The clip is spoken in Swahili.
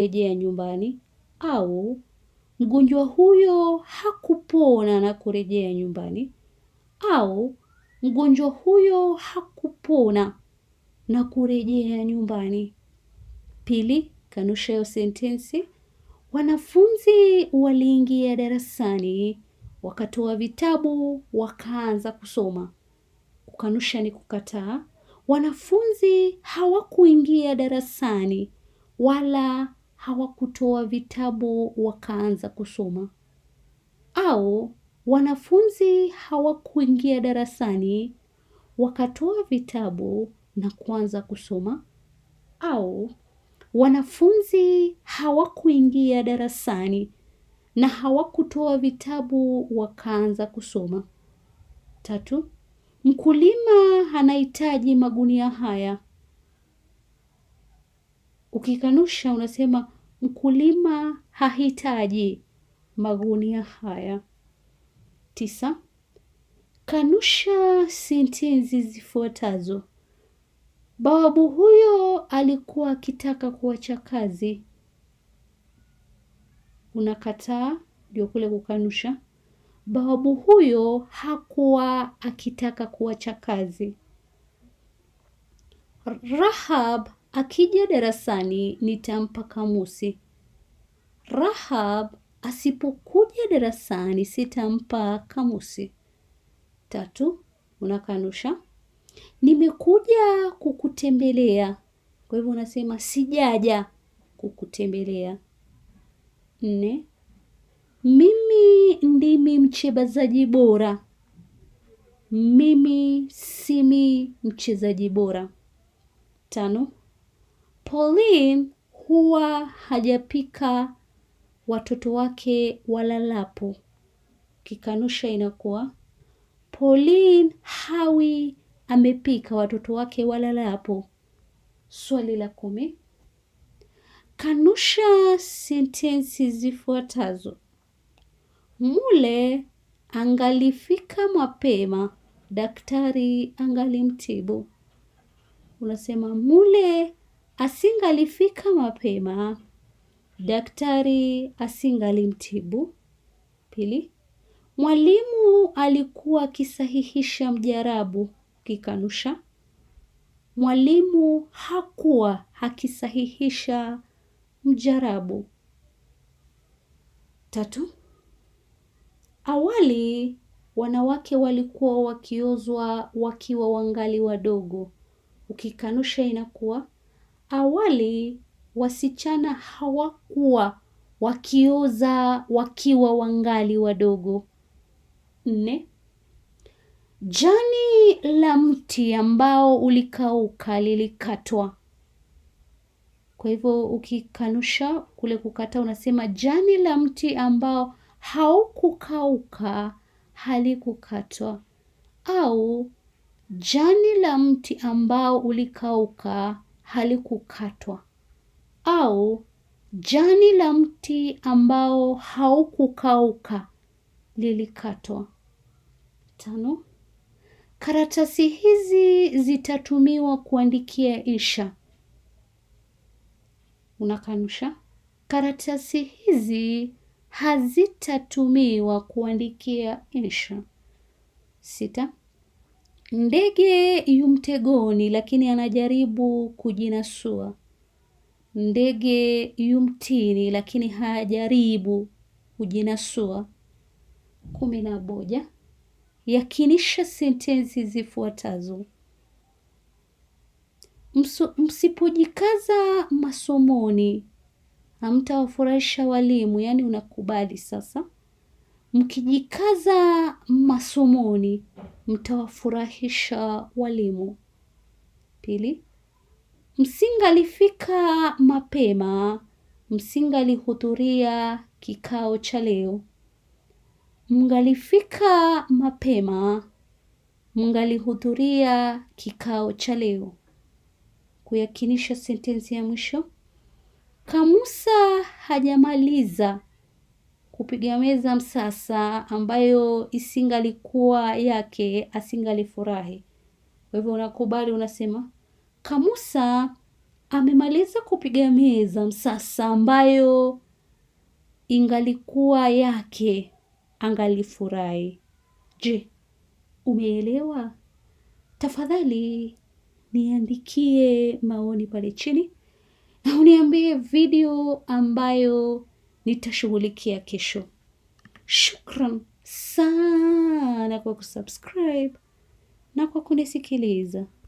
rejea nyumbani au mgonjwa huyo hakupona na kurejea nyumbani au mgonjwa huyo hakupona na kurejea nyumbani. Pili, kanusha hiyo sentensi. Wanafunzi waliingia darasani, wakatoa vitabu, wakaanza kusoma. Kukanusha ni kukataa. Wanafunzi hawakuingia darasani wala hawakutoa vitabu wakaanza kusoma, au wanafunzi hawakuingia darasani wakatoa vitabu na kuanza kusoma, au wanafunzi hawakuingia darasani na hawakutoa vitabu wakaanza kusoma. Tatu, mkulima anahitaji magunia haya Ukikanusha unasema mkulima hahitaji magunia haya. Tisa, kanusha sentensi zifuatazo: bawabu huyo alikuwa akitaka kuacha kazi. Unakataa, ndio kule kukanusha. Bawabu huyo hakuwa akitaka kuacha kazi. Rahab Akija darasani nitampa kamusi. Rahab asipokuja darasani sitampa kamusi. Tatu, unakanusha nimekuja kukutembelea, kwa hivyo unasema sijaja kukutembelea. Nne, mimi ndimi mchezaji bora, mimi simi mchezaji bora. Tano, Pauline huwa hajapika watoto wake walalapo, kikanusha inakuwa Pauline hawi amepika watoto wake walalapo. Swali la kumi, kanusha sentensi zifuatazo: mule angalifika mapema, daktari angalimtibu. Unasema mule Asingalifika mapema, daktari asingalimtibu. Pili, mwalimu alikuwa akisahihisha mjarabu, kikanusha. Mwalimu hakuwa akisahihisha mjarabu. Tatu, awali wanawake walikuwa wakiozwa wakiwa wangali wadogo. Ukikanusha inakuwa Awali wasichana hawakuwa wakioza wakiwa wangali wadogo. Nne, jani la mti ambao ulikauka lilikatwa. Kwa hivyo ukikanusha kule kukata unasema jani la mti ambao haukukauka halikukatwa au jani la mti ambao ulikauka halikukatwa au jani la mti ambao haukukauka lilikatwa. Tano, karatasi hizi zitatumiwa kuandikia insha. Unakanusha, karatasi hizi hazitatumiwa kuandikia insha. Sita, Ndege yumtegoni lakini anajaribu kujinasua. Ndege yumtini lakini hajaribu kujinasua. kumi na moja. Yakinisha sentensi zifuatazo: msipojikaza masomoni hamtawafurahisha walimu. Yaani unakubali sasa Mkijikaza masomoni mtawafurahisha walimu. Pili, msingalifika mapema msingalihudhuria kikao cha leo. Mngalifika mapema mngalihudhuria kikao cha leo. Kuyakinisha sentensi ya mwisho. Kamusa hajamaliza kupiga meza msasa ambayo isingalikuwa yake asingalifurahi. Kwa hivyo unakubali, unasema Kamusa amemaliza kupiga meza msasa ambayo ingalikuwa yake angalifurahi. Je, umeelewa? Tafadhali niandikie maoni pale chini na uniambie video ambayo nitashughulikia kesho. Shukran sana kwa kusubscribe na kwa kunisikiliza.